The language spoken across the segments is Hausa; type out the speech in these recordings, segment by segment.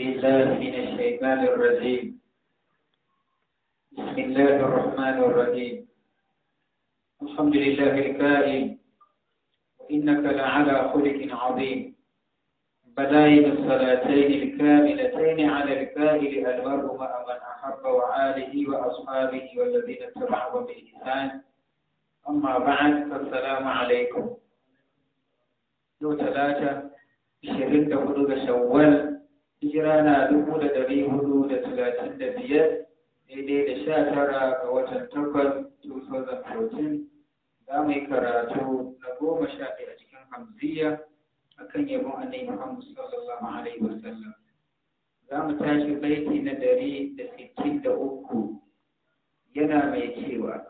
بالله من الشيطان الرجيم بسم الله الرحمن الرحيم الحمد لله الكائن وإنك لعلى خلق عظيم بدائل الصلاتين الكاملتين على الكائن المرء أمن أحب وآله وأصحابه والذين اتبعوا بإحسان أما بعد فالسلام عليكم يوم ثلاثة 24 شوال hijira na dubu da ɗari hudu da talatin da biyar daidai da sha tara ga watan takwas 2014 za mu yi karatu na goma sha ɗaya cikin hamziya a kan yabon annai muhammadu sallallahu alaihi sallam za mu tashi baiti na ɗari da sittin da uku yana mai cewa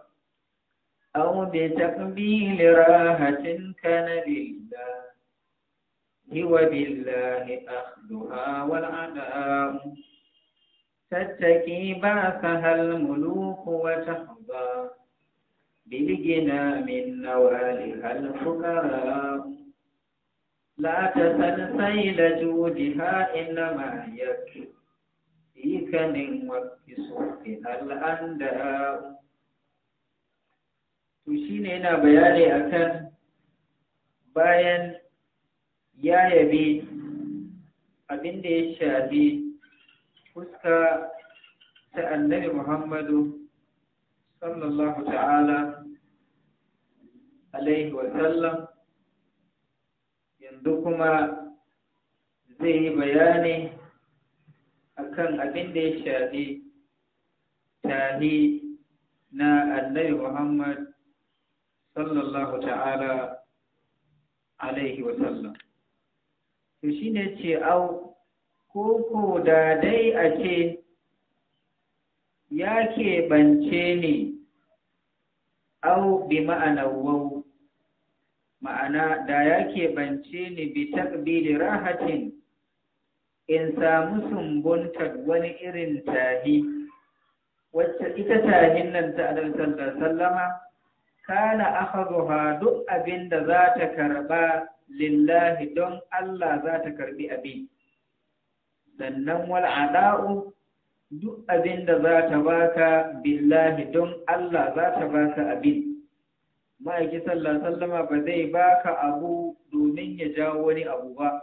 أو بتقبيل راحة كان لله وبالله أخذها والعداء تتكي بعثها الملوك وتحظى بالجنى من نوالها الفقراء لا تسل سيل جودها إنما يكفي فيك من وقت صوفها الأنداء to shine yana bayani akan bayan ya yabi abin da ya shafi fuska ta annabi Muhammadu sallallahu ta'ala alaihi wa sallam yanzu kuma zai yi bayani akan abin da ya shafi tahi na annabi Muhammad sallallahu ta'ala alaihi wa sallam to shi ne ce au ko ko da dai a ce ya keɓance ne au bi wau. ma'ana da ya keɓance ni bi takbidi rahatin in samu sumbuntar wani irin tahi wacce ita tahin nan ta adalsar da sallama kana aka duk abin da za ta karɓa lillahi don Allah za ta karbi abin sannan wal ada'u duk abin da za ta baka billahi don Allah za ta baka abin ma'aiki sallallahu sallama ba zai baka abu domin ya jawo wani abu ba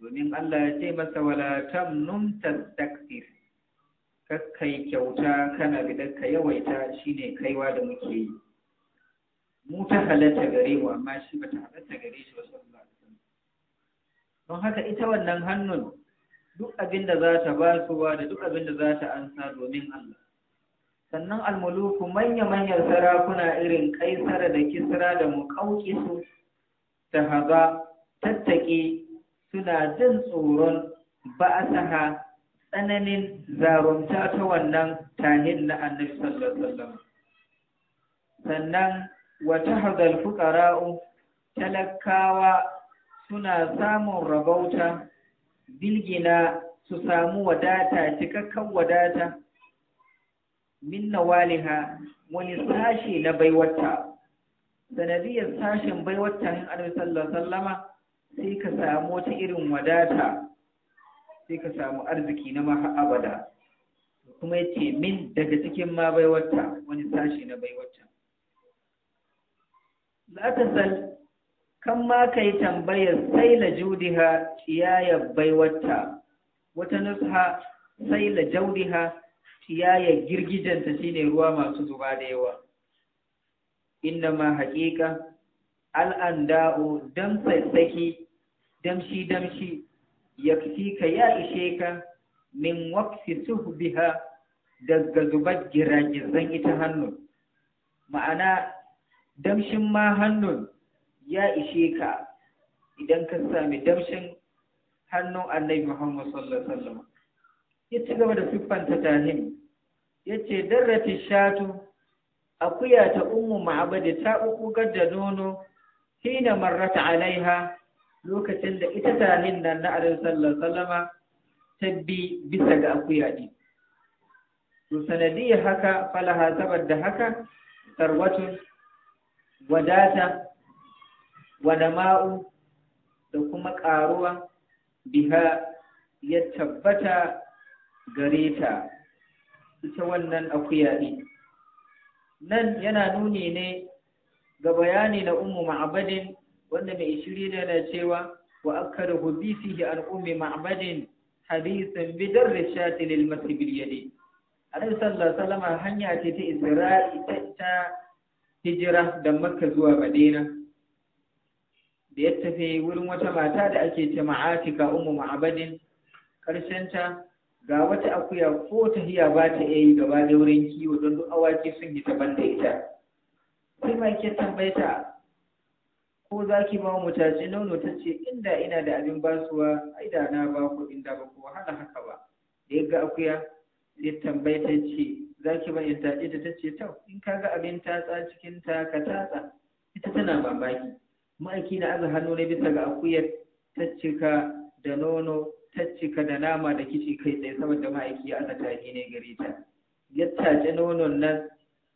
domin Allah ya ce masa walatan tamnun tastakthir kakkai kyauta kana bidar ka yawaita shine kaiwa da muke yi mu ta halatta gare mu amma shi ba ta halatta gare shi ba sallallahu su don haka ita wannan hannun duk abin da za ta basuwa da duk abin da za ta ansa domin Allah sannan almuluku manya-manyan sarakuna irin kaisara da kisra da mu su ta haza tattake suna jin tsoron ba'asaha tsananin zarumta ta wannan tahin na annabi sallallahu alaihi wasallam sannan wata hadal fukara'u talakawa suna samun rabauta bilgina su samu wadata cikakkan wadata min nawaliha wani sashe na baiwata sanadiyar sashen baiwata yin annabi sallallahu sallama sai ka samu wata irin wadata sai ka samu arziki na maha abada kuma yace min daga cikin ma baiwata wani sashe na baiwata Za ta sal kan ma ka yi tambayar sai la judiha ya baiwata, wata nusha sai la jaudiha ciyayar girgijanta shine ruwa masu zuba da yawa inda ma haƙiƙa al'anda'u don sassaki damshi damshi fi ka ya ishe ka min su biha daga zubar zan ita hannu ma'ana damshin ma hannun ya ishe ka idan ka sami damshin hannun annabi Muhammad sallallahu alaihi wasallam ya ci gaba da siffanta tahim ya ce darrati shatu akuya ta ummu ma'abadi ta uku da nono hina marrata alaiha lokacin da ita tahim nan na alaihi sallallahu alaihi ta bi bisa ga akuya ne to sanadiyar haka falaha da haka tarwatun wadata wadama'u da kuma ƙaruwa biha ya tabbata gare ta ita wannan akuya Nan yana nuni ne ga bayani na umu ma'abadin wanda mai shiri da na cewa wa aka da an umu ma'abadin hadisin bidar da masu biryade. A nan salama, hanya ce ta Isra'i ta hijira da makka zuwa madina da ya tafi wurin wata mata da ake ce ma'atika umu ma'abadin ta ga wata akuya ko hiya ba ta iya yi gaba da wurin kiwo don duk awaki sun yi taban da ita sai ma ke tambayta ko za ki ba mu ce nono ta ce inda ina da abin basuwa ai da na ba ku inda ba ku wahala haka ba da ya ga akuya ya tambaita ce za ki bari ta ita ta ce to in ka ga abin tatsa cikin ta ka tatsa ita tana mamaki ma'aiki na aza hannu ne bisa ga akuyar ta cika da nono ta cika da nama da kici kai tsaye saboda ma'aiki ya aza tafi ne gare ta ya tace nonon nan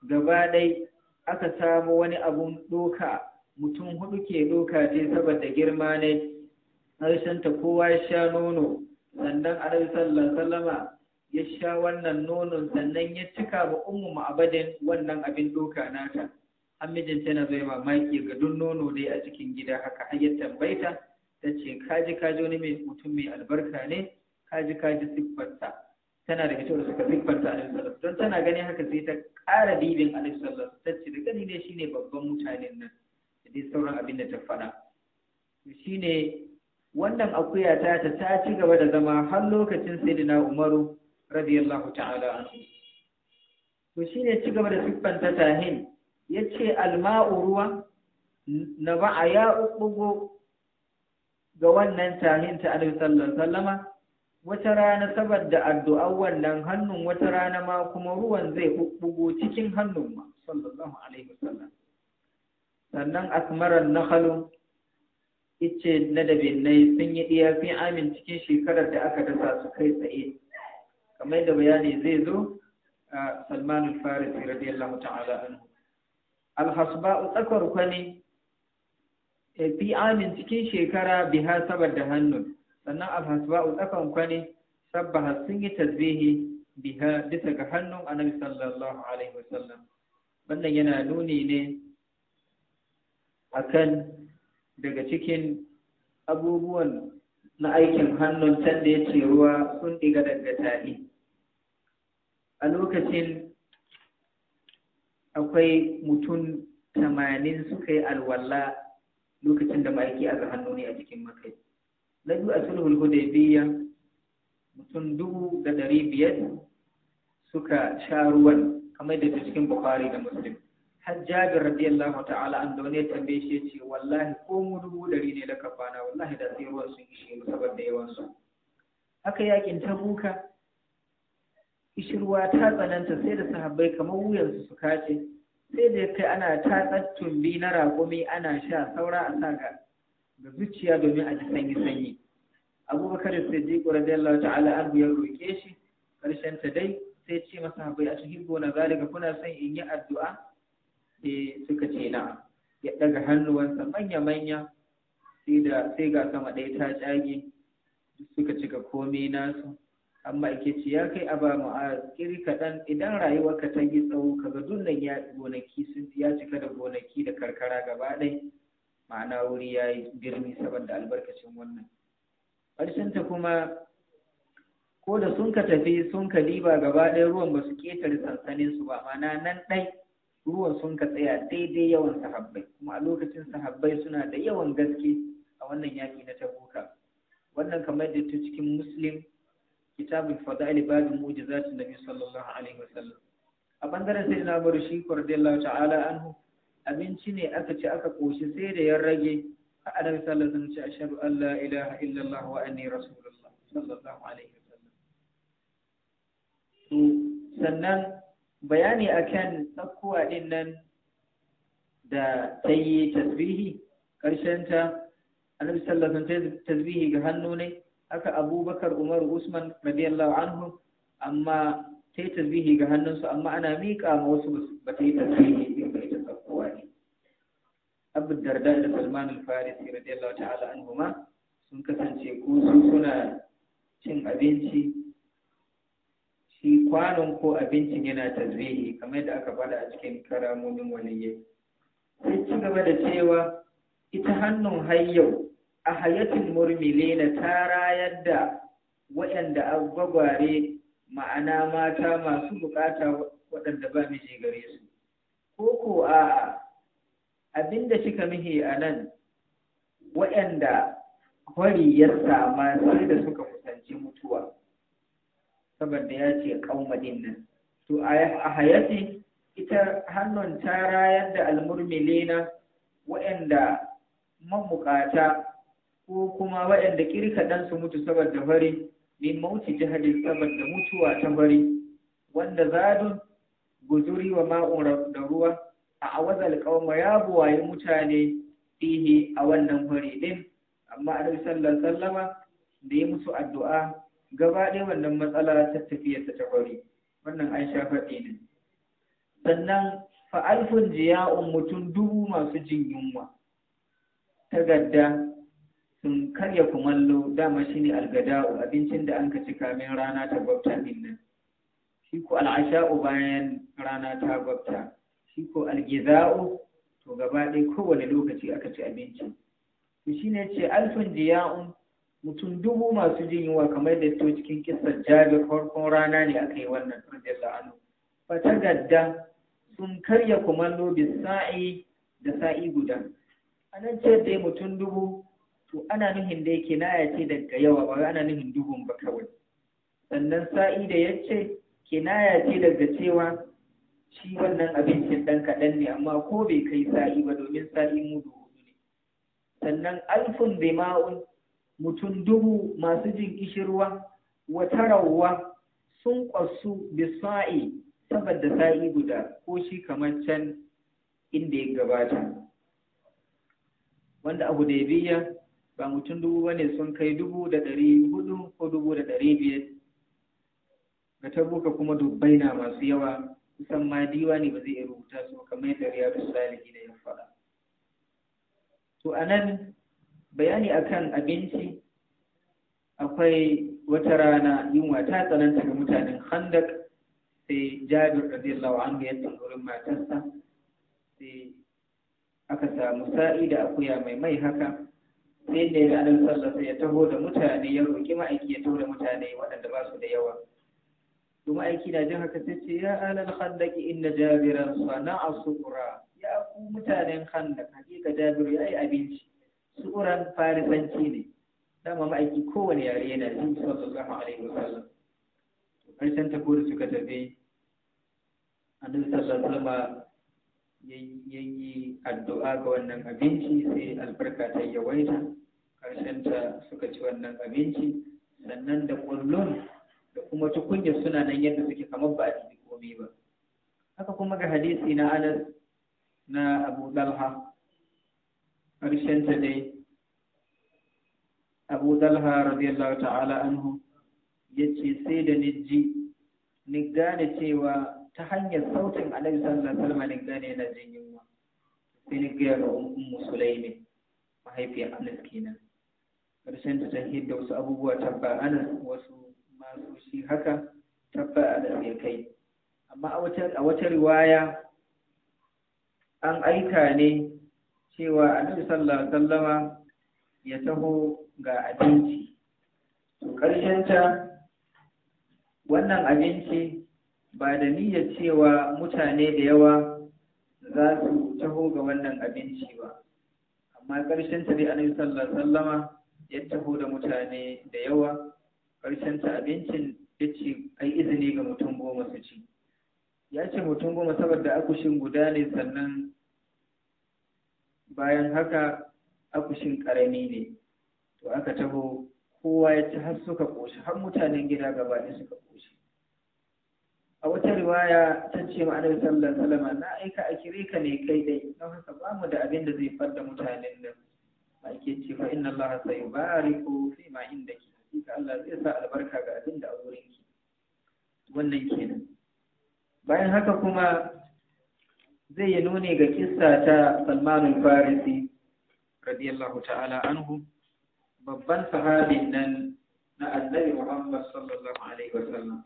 gaba ɗai aka samu wani abun doka mutum hudu ke doka ce saboda girma ne ta kowa ya sha nono sannan rai sallan sallama ya sha wannan nonon sannan ya cika ba ummu ma'abadin wannan abin doka nata an mijinta na zai mamaki ga duk nono dai a cikin gida haka har ya tambaita ta ce kaji kaji wani mai mutum mai albarka ne kaji kaji siffarsa tana da kyau suka siffarta a sallallahu don tana gani haka sai ta ƙara dibin alaihi sallallahu ta ce da gani ne shine babban mutanen nan da dai sauran abin da ta faɗa shine wannan akuya ta ta ci gaba da zama har lokacin na umaru radiyallahu ta'ala to shi ne ci gaba da ta tahin ya ce alma'u ruwa na ba'a ya ubugo ga wannan tahin ta alaihi sallallahu wasallama wata rana saboda addu'a wannan hannun wata rana ma kuma ruwan zai ubugo cikin hannun ma sallallahu alaihi wasallam sannan asmaran nakhalu ice na dabin nai sun yi iya fi amin cikin shekarar da aka dasa su kai tsaye kamar yadda bayani zai zo a salman al-farisi radiyallahu ta'ala anhu al hasba tsakar kwani a e, fi amin cikin shekara biha sabar da hannu sannan al hasba tsakan kwani sabba sun yi tasbihi biha bisa ga hannun annabi sallallahu alaihi wasallam wannan yana nuni ne akan daga cikin abubuwan na aikin hannun can da ya ce ruwa sun diga daga tahi a lokacin akwai mutum tamanin suka yi alwala lokacin da ma'aiki a hannu ne a cikin makai na biyu a sulhul hudaybiya mutum dubu da ɗari biyar suka sha ruwan kamar da cikin bukhari da muslim har jabir radiyallahu ta'ala an da wani ya tambaye shi ya ce wallahi ko mu dubu ɗari ne da kafana wallahi da sai ruwan sun ishe mu saboda yawan su haka yakin tabuka kishirwa ta tsananta sai da sahabbai kamar wuyansu su ce, sai da kai ana ta tumbi na raƙumi ana sha saura a sa ga zuciya domin a ji sanyi sanyi abubakar siddiq radiyallahu ta'ala an ya roke shi karshen ta dai sai ce masa sahabbai a cikin gona ga kuna son in yi addu'a eh suka ce na ya daga hannuwansa manya manya sai da sai ga sama ɗaya ta tsage suka cika komai nasu amma ake ce ya kai a ba mu a kiri kaɗan idan rayuwarka ta yi tsawo kaga dunnan ya gonaki sun ya cika da gonaki da karkara gaba ɗaya ma'ana wuri ya yi birni saboda albarkacin wannan ta kuma ko da sun ka tafi sun ka diba gaba ɗaya ruwan ba su ƙetare sansanin su ba ma'ana nan ɗai ruwan sun ka tsaya daidai yawan sahabbai kuma a lokacin sahabbai suna da yawan gaske a wannan yaƙi na tabuka wannan kamar da cikin muslim كتاب الفضائل بعد موجزات النبي صلى الله عليه وسلم أبن در سيدنا أبو رشيك رضي الله تعالى عنه أمين شيني أكا تأكا قوش سيدة يا رجي أنا مثال لذن أشهد أن لا إله إلا الله وأني رسول الله صلى الله عليه وسلم سنن بياني أكن تقوى إنن دا تي تسبيهي كرشان تا أنا مثال لذن تسبيهي جهنوني haka abubakar umar usman radiyallahu anhu amma ta yi tasbihi ga hannunsu amma ana miƙa ma wasu ba ta yi tasbihi ba ita kowa ne abu darda da salman al-farisi radiyallahu ta'ala sun kasance ko su suna cin abinci shi kwanon ko abincin yana tasbihi kamar yadda aka fada a cikin karamomin waliyyai sai ci gaba da cewa ita hannun har a hayatin murmile na ta rayar da waɗanda agwagware ma'ana mata masu bukata waɗanda ba miji gare su ko ko a da kika mihe a nan waɗanda kwari ya sama sai da suka kusanci mutuwa saboda ya ce ƙaumadin nan to a hayati ita hannun ta rayar da na waɗanda mabukata ko kuma waɗanda kirka ɗan su mutu saboda fari min mauti jihadi saboda mutuwa ta fari wanda zadun guzuri wa ma'un da ruwa a awazal kauma ya buwaye mutane fihi a wannan fari ɗin, amma a sallallahu sallar sallama da ya musu addu'a gaba ɗaya wannan matsala ta tafiya ta tabari wannan aisha faɗi ne sannan fa'alfin jiya'un mutum dubu masu jin yunwa ta gadda sun karya kumallo dama shi ne algada'u abincin da an ka ci kamin rana ta gwabta din nan shi ko al'asha'u bayan rana ta gwabta shi ko algiza'u to gaba ɗaya kowane lokaci aka ci abinci shi ne ce alfin jiya'un? mutum dubu masu jin yunwa kamar da to cikin kisar jabi, farkon rana ne aka yi wannan radiyallahu anhu fata gadda sun karya kumallo bisa'i da sa'i guda a nan ce dai mutum dubu to ana nuhin da yake na ya ce daga yawa ba ana nuhin duhun ba kawai sannan sa'i da ya ce kinaya ce daga cewa shi wannan abincin dan kaɗan ne amma ko bai kai sa'i ba domin sa'i mudu duhu ne sannan alfun ma'un mutum dubu masu jin kishirwa, wata rawwa sun kwasu sa'i saboda sa'i guda ko shi kamar can inda ya gabata wanda abu da biya ba mutum dubu ba ne sun kai dubu da ɗari hudu ko dubu da ɗari biyar ga tabuka kuma dubbai na masu yawa kusan ma diwa ne ba zai iya rubuta su kamar yadda riyadu salihi da ya faɗa to a nan bayani akan abinci akwai wata rana yunwa ta tsananta ga mutanen handak sai jabir radiyallahu anhu ya tambayi matarsa sai aka samu sa'i da akuya mai mai haka sai da ya annabi sallallahu ya taho da mutane ya roƙi ma'aiki ya taho da mutane waɗanda ba su da yawa To aiki na jin haka sai ce ya alal khandaki inna jabiran a sukura ya ku mutanen khandak hakika jabiru ya yi abinci sukuran farisanci ne dama ma'aiki kowane yare yana jin sallallahu alaihi wasallam karshen ta kori suka tafi annabi sallallahu alaihi wasallam ya yi addu'a ga wannan abinci sai albarka ta yawaita ta suka ci wannan abinci sannan da kullum da kuma tukunya suna nan yadda suke kamar ba a cikin komai ba haka kuma ga hadisi na anas na abu dalha ƙarshen ta dai abu dalha radiyallahu ta'ala anhu ya ce sai da nijji ni gane cewa ta hanyar sautin alaihi sallallahu alaihi wasallam ni gane yana jin yunwa sai ni gaya ga ummu sulaimi mahaifiyar anas kenan ƙarshen ta tahiyar da wasu abubuwa tabba ana wasu masu shi haka tabba ana mai kai amma a wata riwaya an aika ne cewa nan sallar sallama ya taho ga abinci to ta wannan abinci ba da niyyar cewa mutane da yawa za su taho ga wannan abinci ba amma ƙarshen ta dai nan sallar sallama Yan taho da mutane da yawa ƙarshen ta abincin ya ce ai izini ga mutum goma su ci ya ce mutum goma saboda akushin guda ne sannan bayan haka akushin ƙarami ne to aka taho kowa ya ci har suka ƙoshi har mutanen gida gaba ne suka ƙoshi a wata riwaya ta ce ma sallar sallallahu na aika a kire ka ne kai dai don haka ba mu da abin da zai fadda mutanen nan ake ce fa inna Allah sai bariku fi ma indaki hakika Allah zai sa albarka ga abin da a wurinki wannan kenan bayan haka kuma zai yi nuni ga kissa ta Salman al-Farisi radiyallahu ta'ala anhu babban sahabin nan na annabi Muhammad sallallahu alaihi wasallam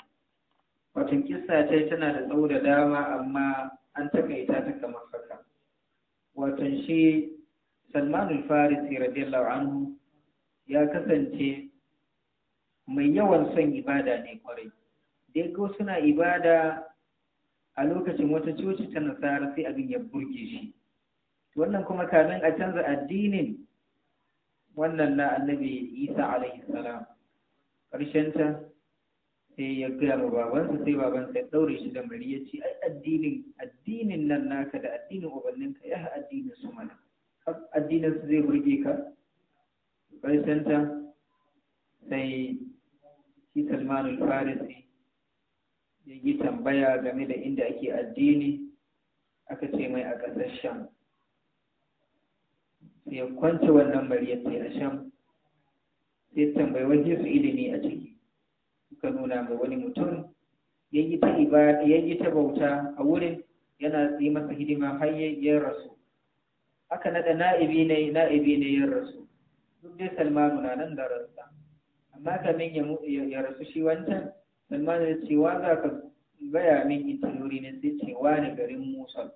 watan kissa ce tana da tsawo da dama amma an takaita ta kamar haka watan shi salman al-farisi radiyallahu anhu ya kasance mai yawan son ibada ne kwarai dai ko suna ibada a lokacin wata coci ta nasara sai abin ya burge shi wannan kuma kamin a canza addinin wannan na annabi isa alaihi salam Karshenta sai ya gaya ma babansa sai babansa ya ɗaure shi da mari ya ce ai addinin addinin nan naka da addinin ubanninka ya addinin su mana addinin su zai burge ka ƙarshenta sai shi salmanul farisi ya yi tambaya game da inda ake addini aka ce mai a ƙasar sham sai wannan bariyar a sham sai tambayi waje su ilimi a ciki suka nuna ga wani mutum ya yi ta bauta a wurin yana yi masa hidima har ya rasu na naɗa na'ibi ne na'ibi ne yin rasu duk dai salmanu na nan da rasta amma kamin ya rasu shi wancan salmanu ya ce wa za ka gaya min in tayuri ne sai ce ne garin musa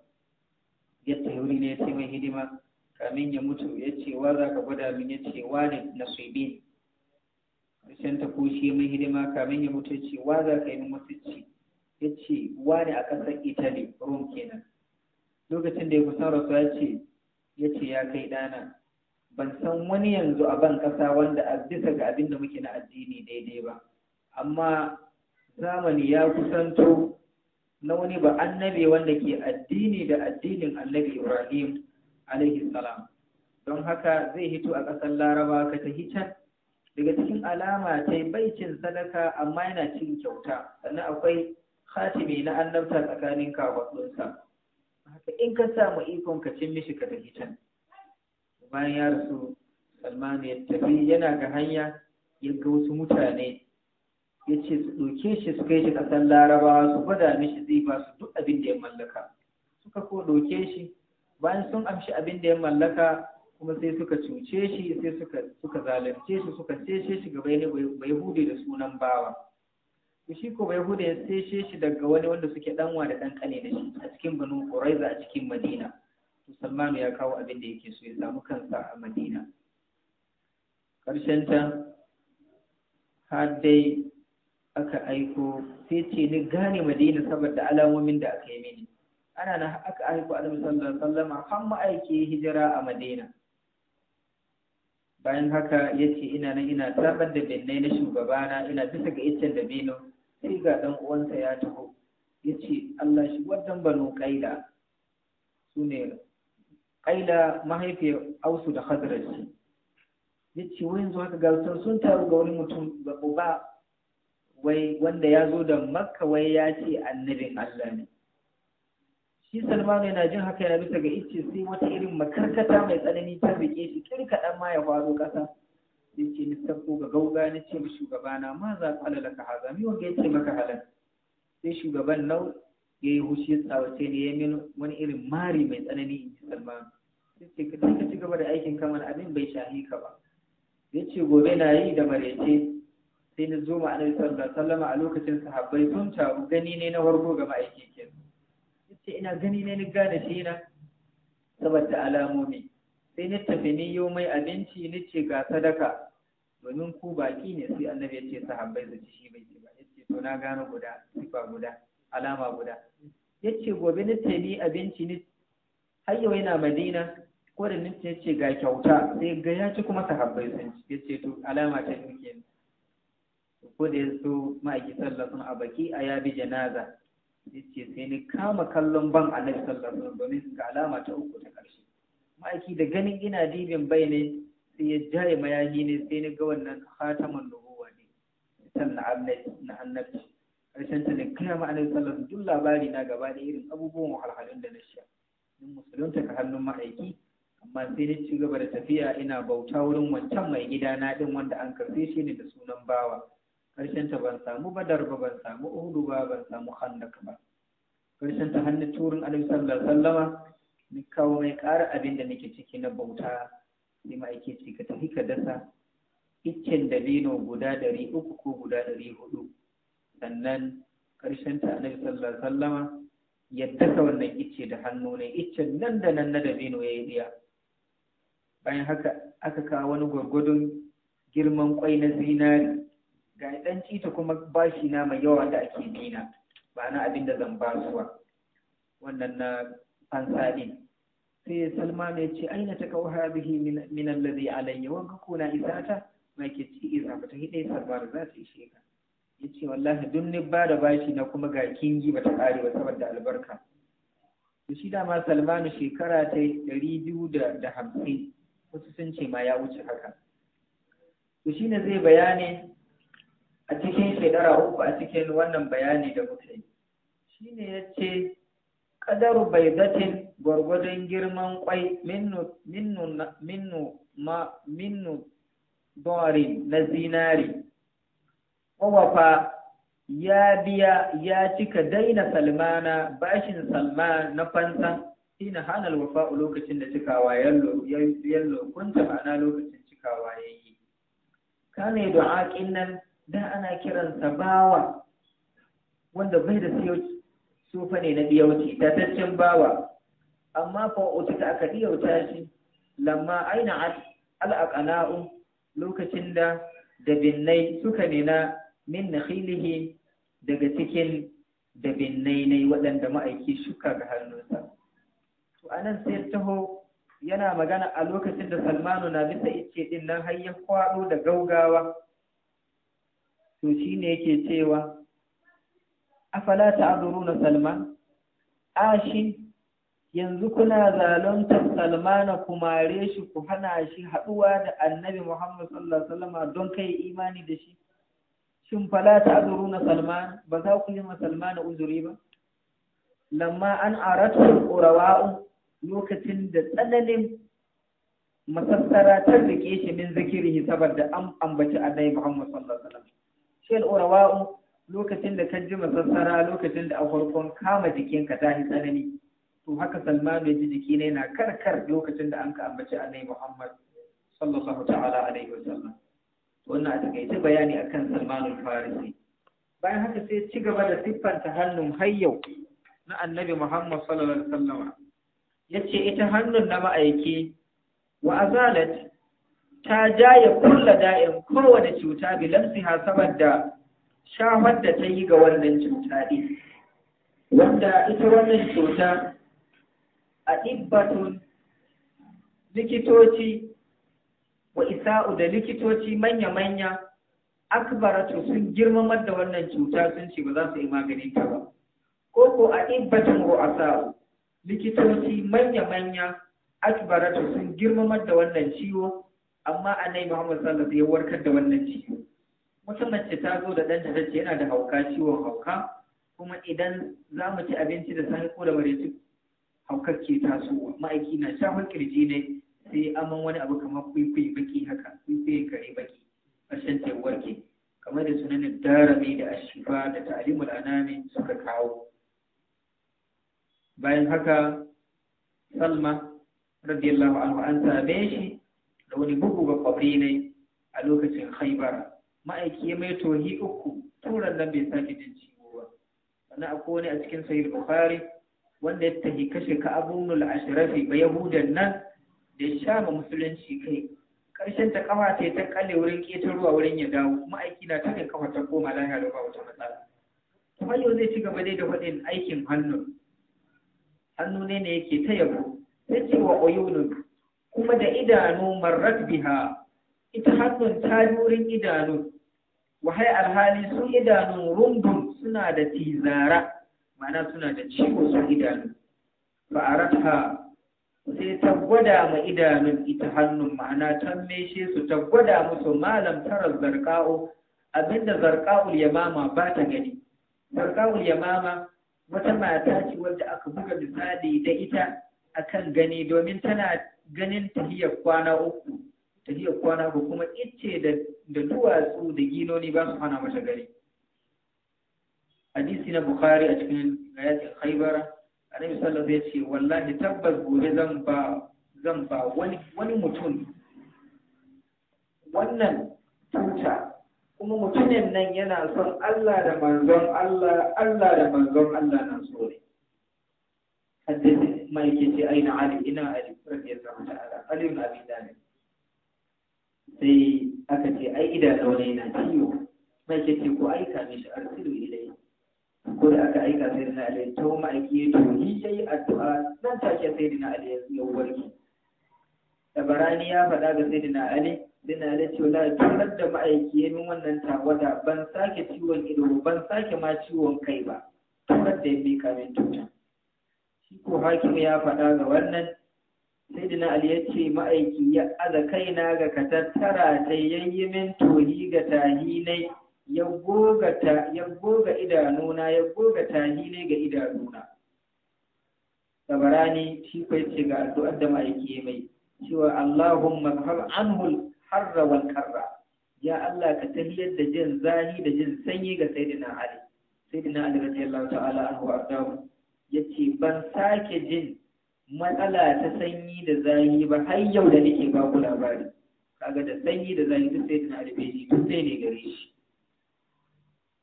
ya tayuri ne sai mai hidima kamin ya mutu ya ce wa za ka gwada min ya ce wa na nasibin karshen ta ko shi mai hidima kamin ya mutu ya ce wa za ka yi min mutunci ya ce wa ne a ƙasar italy rome kenan lokacin da ya kusan rasuwa ya ce ya ce ya kai ɗana ban san wani yanzu a ban ƙasa wanda a bisa ga abin da muke na addini daidai ba amma zamani ya kusanto na wani ba annabi wanda ke addini da addinin annabi ibrahim alaihi salam don haka zai hito a ƙasar laraba ka ta hita daga cikin alama ta baicin sadaka amma yana cin kyauta sannan akwai khatimi na annabta tsakanin kafaɗunsa in ka samu ikon ka cin mishi ka tafi can bayan ya rasu salmanu ya tafi yana ga hanya ya ga wasu mutane ya ce su ɗauke shi su kai shi ƙasar larabawa su gwada mishi zai ba su duk abin da ya mallaka suka ko ɗauke shi bayan sun amshi abin da ya mallaka kuma sai suka cuce shi sai suka zalunce shi suka ce shi gaba ne bai hude da sunan bawa shi ko bai huda ya sai shi daga wani wanda suke danwa da dan kane da shi a cikin banu quraiza a cikin madina musulmanu ya kawo abin da yake so ya samu kansa a madina karshen ta har aka aiko sai ce ni gane madina saboda alamomin da aka yi mini ana na aka aiko annabi sallallahu alaihi wasallam har ma'aiki hijira a madina bayan haka ya ce ina nan ina tabar da binnai na shugabana ina bisa ga iccen dabino sai ga ɗan uwansa ya taho ya ce Allah shi wajen banu ƙaila su ne mahaifiyar ausu da hadararsu ya ce wayan zuwa ga gasar sun taru ga wani mutum ga ba. wai wanda ya zo da makka wai ya ce annabin Allah ne shi salmanu yana jin haka yana bisa ga ice sai wata irin makarkata mai tsanani ta rike shi ɗan ma ya faru ƙasa sai ce lissafo ga gauga na ce shugabana ma za ka alalaka haza mi wanda ya ce maka halar sai shugaban nau ya yi hushi ya tsawace ne ya min wani irin mari mai tsanani in ji salman sai ce ka tafi ci gaba da aikin kamar abin bai shahi ka ba ya ce gobe na yi da marece sai na zo ma'anar sallar sallama a lokacin sahabbai sun taru gani ne na wargo ga ma'aikin ya ce ina gani ne ni gane shi saboda alamomi sai na tafi ni yau mai abinci ni ce ga sadaka domin ku baki ne sai annabi ya ce sahabbai su ci shi bai ci ba ya ce to na gano guda sifa guda alama guda ya ce gobe ni tafi abinci ni har yau yana madina ko da ninta ya ce ga kyauta sai ga ya ci kuma sahabbai sun ci ya ce to alama ta nuke ko da ya so ma'aiki sallallahu a baki a yabi janaza ya ce sai ni kama kallon ban annabi sallallahu alaihi wasallam domin ga alama ta uku ta ƙarshe ma'aiki da ganin ina dibin bai ne sai ya jaye mayahi ne sai na ga wannan khataman nubuwa ne san na na annabi karshen ta ne kana ma annabi sallallahu duk labari na gaba da irin abubuwan wahalhalun da na sha in musulunta ka hannun ma'aiki amma sai na ci gaba da tafiya ina bauta wurin wancan mai gida na din wanda an karfe shi ne da sunan bawa karshen ta ban samu badar ba ban samu uhudu ba ban samu khandak ba karshen ta hannun turin alaihi sallallahu alaihi ni kawo mai ƙara abin da nake ciki na bauta sai ma'aikaci ka tafi ka dasa iccen dabino guda ɗari uku ko guda ɗari hudu sannan ƙarshen ta annabi sallallahu alaihi wasallama ya dasa wannan icce da hannu ne iccen nan da nan na dabino ya yi ɗiya bayan haka aka kawo wani gwargwadon girman kwai na zinari ga ɗan cita kuma bashi na mai yawa da ake nina ba na abin da zan ba ba, wannan na fansa ɗin sai Salmanu ya ce aina ta kawo bihi minan allazi alayya wanga kuna isa ta ma ke ci isa ba ta hidai salman za ta ishe ka ya ce wallahi duk ni ba da bashi na kuma ga kingi ba ta kare ba saboda albarka to shi dama salmanu shekara ta ɗari biyu da hamsin wasu sun ce ma ya wuce haka to shi ne zai bayani a cikin shekara uku a cikin wannan bayani da muka yi shi ne ya ce ƙadar zatin gwargwadon girman kwai minnu ma minnu dorin na zinari fa, ya biya ya cika daina salmana bashin salma na fansa ina hana a lokacin da cikawa yallo kunta ma'ana lokacin cikawa ya yi kane du'aƙin nan da ana kiransa bawa wanda bai da su ne na biyauci tataccen bawa amma fa uti ta aka biyauta shi lamma aina al'aqana'u lokacin da dabinnai suka nena min nakhilihi daga cikin dabinnai ne waɗanda ma'aiki shuka ga hannunsa to anan sai taho yana magana a lokacin da Salmanu na bisa ice din nan har kwado da gaugawa to shine yake cewa afala ta'duruna salman ashi yanzu kuna zaluntar salmana kumare shi ku hana shi haduwa da annabi Muhammad sallallahu alaihi wasallam don kai imani da shi shin fala ta'duruna salman ba za ku yi salmana uzuri ba lamma an aratu qurawa'u lokacin da tsananin masassara ta rike shi min zikirihi saboda an ambaci annabi Muhammad sallallahu alaihi wasallam shin qurawa'u lokacin da ka ji masassara lokacin da a farkon kama jikinka ta yi tsanani to haka salmanu ya ji jiki ne na karkar lokacin da an ka ambaci nai muhammad sallallahu ta'ala alaihi wa sallam wannan a takaice bayani akan salmanul farisi bayan haka sai ci gaba da siffanta hannun hayyau na annabi muhammad sallallahu alaihi wa sallama yace ita hannun na ma'aiki wa ta jaye kulla da'in kowane cuta bi saboda shafar da ta yi ga wannan cuta ɗin wanda ita wannan cuta a ɗibbatun likitoci wa isa'u da likitoci manya-manya akbaratu sun girmamar da wannan cuta sun ce ba za su yi maganin ta ba ko ko a ɗibbatun ru'asa'u likitoci manya-manya akbaratu sun girmamar da wannan ciwo amma annabi Muhammad sallallahu alaihi wasallam ya warkar da wannan ciwo wata mace ta zo da ɗanta ta ce yana da hauka ciwon hauka kuma idan za mu ci abinci da safe ko da maraice haukar ke tasowa ma'aiki na shafar kirji ne sai aman wani abu kamar kwaikwayi baki haka kwaikwayin kare baki ƙarshen taiwar ke kamar da sunan darami da ashifa da ta'alimul anami suka kawo bayan haka salma radiyallahu anhu an same shi da wani bugu ga kwabri ne a lokacin khaibara ma'aiki ya mai tohi uku turan nan bai sake jin ciwo ba sannan akwai wani a cikin sahih bukhari wanda ya tahi kashe ka abunul ashrafi ba yahudan nan da ya sha ma musulunci kai karshen ta kafa ta ta kalle wurin ruwa wurin ya dawo ma'aiki na ta kai kafa ta koma lafiya da ba wata matsala kuma yau zai ci gaba dai da faɗin aikin hannu hannu ne ne yake ta yabo sai ce wa oyunun kuma da idanu marrat biha ita hannun ta yi wurin idanun wahai alhali sun idanun rumbun suna da tizara mana suna da ciwo sun idanun ba a rata sai ta gwada ma idanun ita hannun ma'ana can meshe su ta gwada musu malam tarar zarka'o abinda zarka'ul yamama ba ta gani zarka'ul yamama wata mata ce wadda aka buga misali da ita akan gani domin tana ganin tahiyar kwana uku tafiyar kwana ko kuma icce da duwatsu da ginoni ba su hana mata gari hadisi na bukhari a cikin gayatin khaibara annabi sallallahu alaihi wasallam ya ce wallahi tabbas gobe zan ba zan ba wani wani mutum wannan tuta kuma mutumin nan yana son Allah da manzon Allah Allah da manzon Allah na so ne hadisi mai yake ce aina ali ina ali radiyallahu ta'ala ali ibn abi sai aka ce ai da wani yana ciwo mai ke ce ko aika mishi arsilu ilai ko da aka aika sai dina alai ta kuma aiki ya tuni ya yi addu'a nan ke sai na alai ya warke barani ya faɗa ga sai dina alai dina na alai ce la turar da ma'aiki ya min wannan tawada ban sake ciwon ido ban sake ma ciwon kai ba turar da ya mika min tuta shi ko hakimu ya faɗa ga wannan sayyidina ali ya ce ma'aiki ya aza kaina ga tattara ta yayyi min tohi ga tahinai ya goga ta ya goga idanuna ya goga tahinai ga idanuna tabarani shi kai ce ga addu'ar da ma'aiki ya mai cewa Allahumma har anhul harra wal karra ya Allah ka tahiyar da jin zahi da jin sanyi ga sayyidina ali sayyidina ali radiyallahu ta'ala anhu ardahu yace ban sake jin matsala ta sanyi da zahi ba har yau da nake ba ku labari kaga da sanyi da zahi duk sai na arbeji duk sai ne gare shi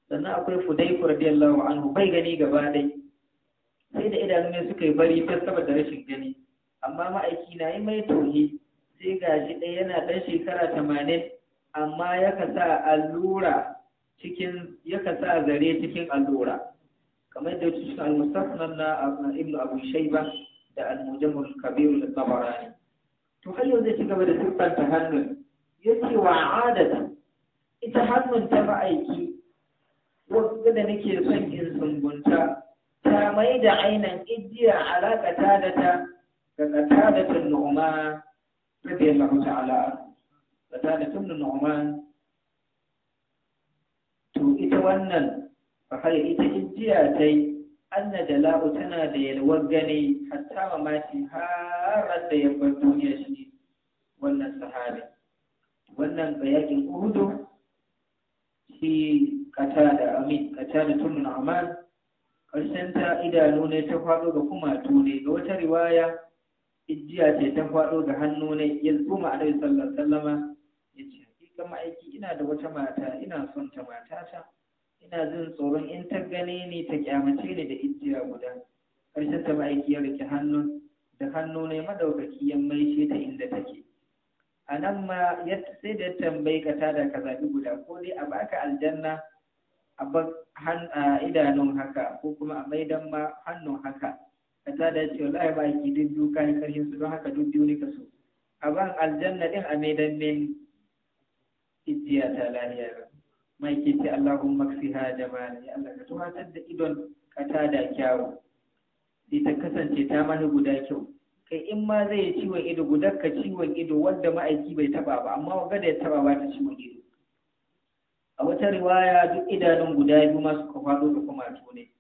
sannan akwai fudai radiyallahu anhu bai gani gaba dai sai da idanu ne suka yi bari ta saboda rashin gani amma ma'aiki na yi mai tohi sai ga shi ɗaya yana ɗan shekara tamanin amma ya kasa allura cikin yaka sa zare cikin allura kamar da cikin al-mustafnan na ibnu abu shaiba da almujamul kabiru da tabarani to har yau zai ci gaba da siffanta hannun ya ce wa adata ita hannun ta ma'aiki wasu da nake son in ta mai da ainihin ijiya alaƙa ta da to ita wannan fa ita ta yi anna jala'u tana da yalwar gani hatta mamaki harar da ya bar duniya shi wannan sahabi wannan bayakin uhudu shi kata da amin kata da amal ta idanu ne ta faɗo ga kumatu ne ga wata riwaya ijiya ce ta faɗo ga hannu ne ya tsoma a rai sallar sallama ya ce hakika ma'aiki ina da wata mata ina son ta matata ina jin tsoron in ta gane ni ta kyamace ni da ijiya guda Karshen ta ma'aiki ya rike hannun da hannu ne madaukaki ya maishe ta inda take a nan ma sai da tambayi ka tada ka zaɓi guda ko dai a baka aljanna a idanun haka ko kuma a maidan ma hannun haka ka tada ce wallahi ba ki duk duka ni karshen su don haka duk biyu ne ka so a ban aljanna din a maidan ne ijiya ta lafiya mai ke ce Allahumma da jamala ya Allah ka tumatar da idon kata da kyawu sai ta kasance ta mani guda kyau kai in ma zai yi ciwon ido guda ka ciwon ido wanda ma'aiki bai taba ba amma wa gada ya taba ba ta ciwon ido a wata riwaya duk idanun guda biyu masu kwafado da kuma ne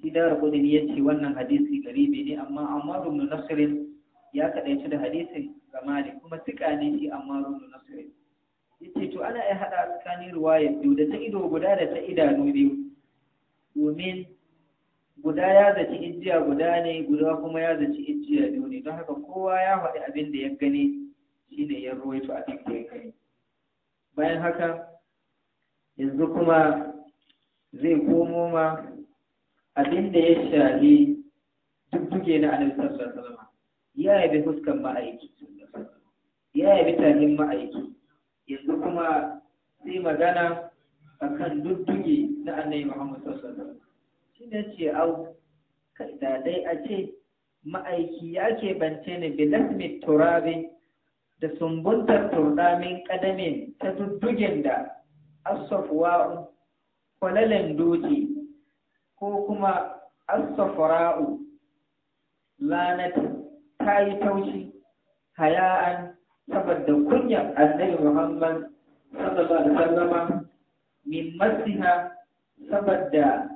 shi da rukunin ya ce wannan hadisi garibi ne amma amma rumnu nasirin ya kaɗaice da hadisin zamani ne kuma tuka ne shi amma rumnu nasirin yace to ana iya hada tsakanin ruwayar biyu da ta ido guda da ta idanu biyu domin guda ya zaci ijiya guda ne guda kuma ya zaci ijiya biyu ne don haka kowa ya faɗi abin da ya gani shine ya ruwaito abin da ya gani bayan haka yanzu kuma zai komo ma abin da ya shari dukkuke na annabi da alaihi ya yabi fuskan ma'aiki ya yabi tahin ma'aiki yanzu kuma sai magana a kan dudduge na annabi Muhammad sallallahu alaihi wasallam ce au da dai a ce ma'aiki ya ke bance ne bilasmin turabe da sumbuntar turdamin kadamin ta duddugen da asafuwa'u kwalalen doki ko kuma asafura'u lanat ta yi taushi haya'an saboda kunyar annabi Muhammad sallallahu alaihi wasallama min masiha saboda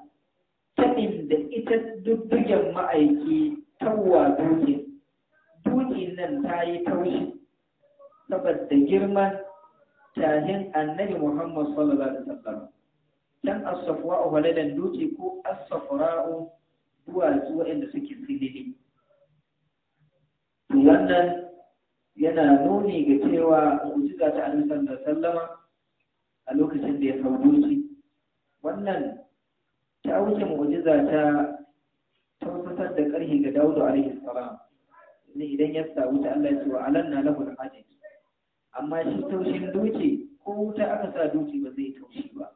taɗin da ita duddugen ma'aiki tawwa duki duki nan ta yi taushi saboda girman tahin annabi Muhammad sallallahu alaihi wasallam dan as wa ladan duki ko as-safra'u duwatsu waɗanda suke silili wannan yana nuni ga cewa mu'jiza ta annabi sallallahu alaihi wasallam a lokacin da ya shi wannan ta wuce mu'jiza ta tabbatar da ƙarhi ga Dawudu alaihi salam ne idan ya samu ta Allah ya ce wa alanna lahu al-ajr amma shi taushin duki ko wuta aka sa duki ba zai taushi ba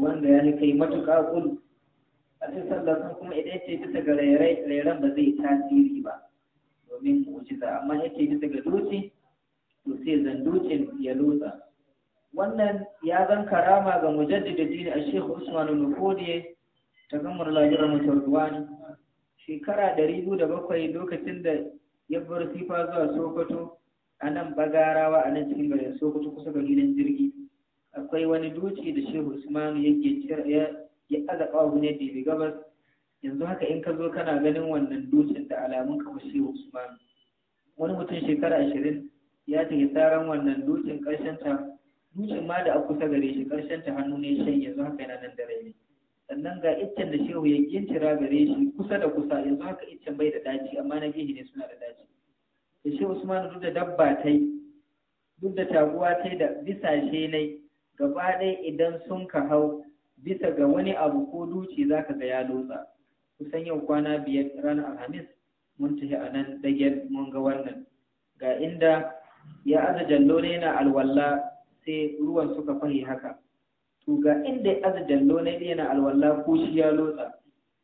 wanda ya kai matuƙa kul a cikin sallar kuma idan ya ce ta ga rairan ba zai tasiri ba domin mu'jiza amma yake bisa ga doci to sai zan docin ya lotsa wannan ya zan karama ga mujaddida din a Sheikh Usman Nukodiye ta gamar lajira mutarduwani shekara ɗari biyu da bakwai lokacin da ya bar sifa zuwa Sokoto a nan bagarawa a nan cikin garin Sokoto kusa ga gidan jirgi akwai wani doci da Sheikh Usman yake ya ya aza kawo ne da gabas yanzu haka in ka zo kana ganin wannan dutsen da alamun kamar shi Usman wani mutum shekara ashirin ya tafi tsaron wannan dutsen ƙarshen ta dutsen ma da a kusa gare shi ƙarshen ta hannu ne shan yanzu haka yana nan da rai sannan ga iccen da shehu ya gintira gare shi kusa da kusa yanzu haka iccen bai da daji amma na gehe ne suna da daji da shehu Usman duk da dabba tai, duk da taguwa tai da bisashe ne gaba ɗaya idan sun ka hau bisa ga wani abu ko duci zaka ga ya lotsa kusan yau kwana biyar ranar alhamis mun tafi a nan dagen mun ga wannan ga inda ya aza jallo ne yana alwalla sai ruwan suka fahi haka to ga inda ya aza jallo ne yana alwalla ko shi ya lotsa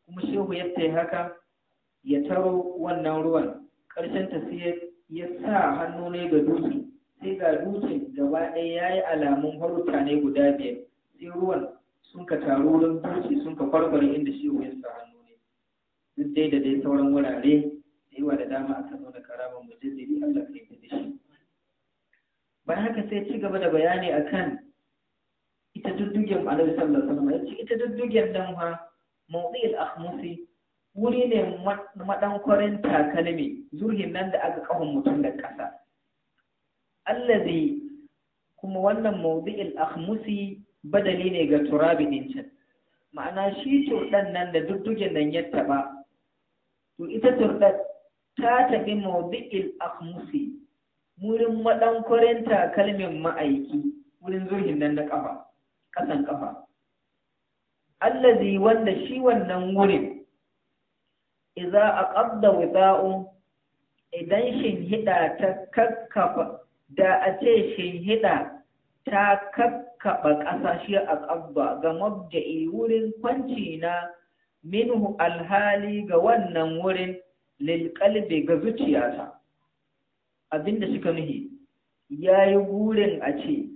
kuma shehu ya tai haka ya taro wannan ruwan ƙarshen ta sai ya sa hannu ne ga dutse sai ga dutse gaba ɗaya ya yi alamun haruta ne guda biyar sai ruwan sun ka taru don dutse sun ka farfare inda shehu ya sa hannu duk dai da dai sauran wurare da yawa da dama aka nuna karamar mujaddidi Allah kai ta da shi bayan haka sai ci gaba da bayani akan ita duddugen Annabi sallallahu alaihi wasallam ita duddugen dan fa mawdi'il akhmusi wuri ne kwarin takalmi zurhin nan da aka kahon mutum da ƙasa allazi kuma wannan mawdi'il akhmusi badali ne ga turabi din can ma'ana shi cuɗan nan da duddugen nan ya taba to ita turɗa ta tafi mawdi'il akhmusi wurin maɗankwarin takalmin ma'aiki wurin zuhin nan na ƙafa kasan kafa allazi wanda shi wannan wurin iza a wita'u idan hida ta kakkafa da a ce hida ta kakkaɓa ƙasa shi a ƙabba ga mabda'i wurin kwanci na minhu alhali ga wannan wurin lilƙalbe ga zuciyata abinda suka nuhi ya yi gurin a ce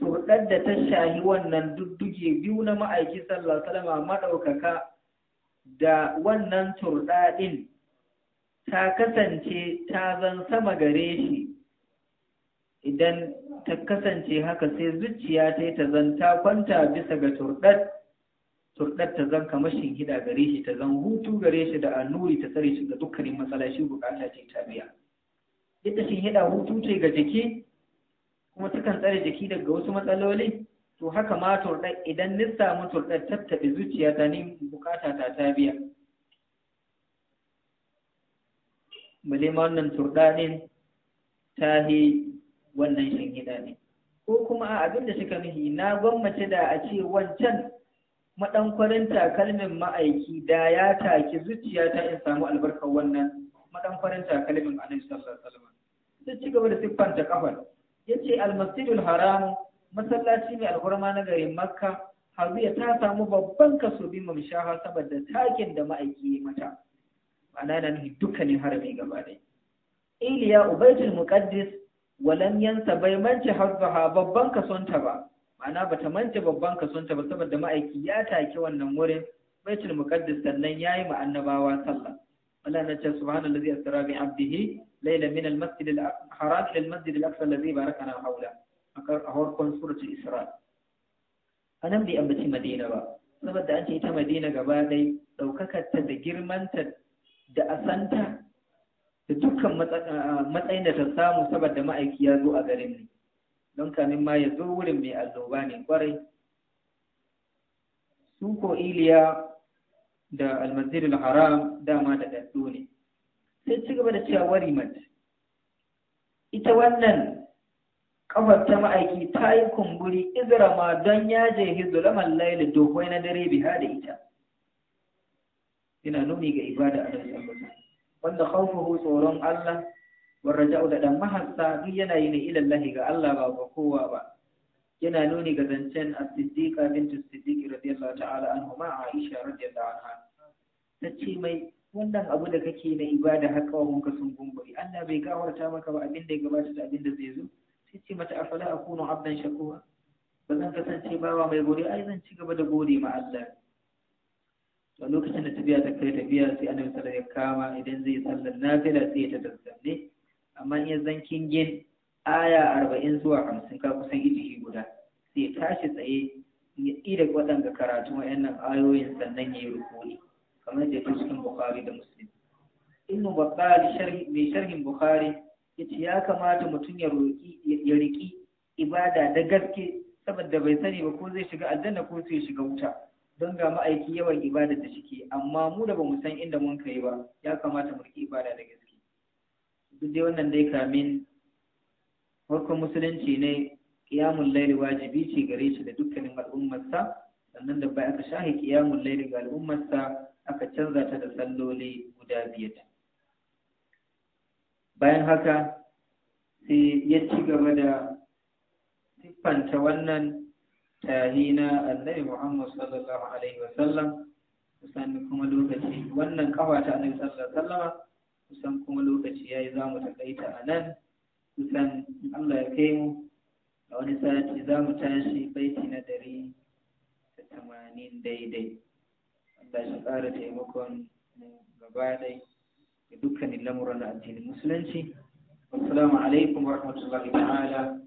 turɗar da ta shahi wannan dudduge biyu na ma'aiki sallallahu alaihi maɗaukaka da wannan turɗa ɗin ta kasance ta zan sama gare shi idan ta kasance haka sai zuciya ta yi ta zan ta kwanta bisa ga turɗar surɗar ta zan kamar shingida gare shi ta zan hutu gare shi da annuri ta tsare shi ga dukkanin matsala shi bukata ce ta biya ita shingida hutu ce ga jiki kuma takan tsare jiki daga wasu matsaloli to haka ma turɗar idan ni samu turɗar tattaɓe zuciya ta ni bukata ta ta biya bale ma wannan turɗa ɗin ta yi wannan shingida ne ko kuma a abin da suka mihi na gwammace da a ce wancan maɗankwarin takalmin ma'aiki da ya taki zuciya ta in samu albarkar wannan maɗankwarin takalmin annabi sallallahu alaihi wasallam sai ci gaba da siffanta kafar yace almasjidul haram masallaci mai alhurma na garin makka haziya ta samu babban kaso bi mamshaha saboda takin da ma'aiki mata ma'ana da nufi dukkanin harami gaba ɗaya iliya ubaitul muqaddis walam yansa bai manci hazzaha babban kasonta ba ma'ana bata manta babban kasonta ba saboda ma'aiki ya take wannan wurin baitul muqaddas sannan yayi ma annabawa sallah Allah na ce ladzi asra bi abdihi layla min al-masjid al-haram ila al-masjid al-aqsa allazi barakana hawla ahor kon surati isra anan bai ambati madina ba saboda an ce ita madina gaba dai ta da girmanta da asanta da dukkan ah, matsayin da ta samu saboda ma'aiki ya zo a garin ne don kamin ma ya zo wurin mai annoba ne kwarai suko ko iliya da almasjidul haram dama da daddo ne sai ci gaba da cewa warimat ita wannan kafar ta ma'aiki ta yi kumburi izrama don yaje je hizulaman laili dokwai na dare biha da ita yana nuni ga ibada a wanda khawfuhu tsoron Allah warraja'u da dan mahassa duk yana yi ne ilallahi ga Allah ba ba kowa ba yana nuni ga zancen as-siddiqa bintu siddiqi radiyallahu ta'ala a aisha radiyallahu anha tace mai wannan abu da kake na ibada har wa ka sun gumburi Allah bai gawarta maka ba abin da ya gabata da abin da zai zo Ta ce mata afala akunu abdan shakura ba zan kasance bawa mai gode ai zan ci gaba da gode ma Allah to lokacin da tafiya ta kai tafiya sai annabi sallallahu alaihi wasallam ya kama idan zai sallar nafila sai ta tsalle amma in zan kingin aya arba'in zuwa hamsin ka kusan ijihi guda sai ya tashi tsaye ya tsira waɗanda karatu wa'annan ayoyin sannan ya yi rukuni kamar da ke cikin bukhari da muslim ibnu bukhari mai sharhin bukhari ya ce ya kamata mutum ya roƙi ya riƙi ibada da gaske saboda bai sani ba ko zai shiga aljanna ko sai shiga wuta don ga ma'aiki yawan ibada da shi amma mu da ba mu san inda mun kai ba ya kamata mu riƙi ibada da gaske duk dai wannan dai kamin farkon musulunci ne ƙiyamun laili wajibi ce gare shi da dukkanin al'ummarsa sannan da bai aka shahi ƙiyamun laili ga al'ummarsa aka canza ta da salloli guda biyar bayan haka sai ya ci gaba da siffanta wannan tahi na annabi Muhammad sallallahu alaihi wasallam kusan kuma lokaci wannan kafa ta annabi sallallahu alaihi wasallama kusan kuma lokaci ya yi za mu taƙaita a nan kusan Allah ya kai mu a wani sati za mu tashi baiti na dari da tamanin daidai Allah shi ƙara taimakon mu gaba dai da dukkanin lamuran addinin musulunci assalamu alaikum wa rahmatullahi ta'ala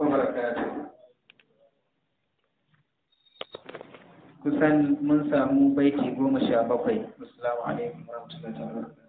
wa barakatuh kusan mun samu baiti goma sha bakwai assalamu alaikum wa rahmatullahi ta'ala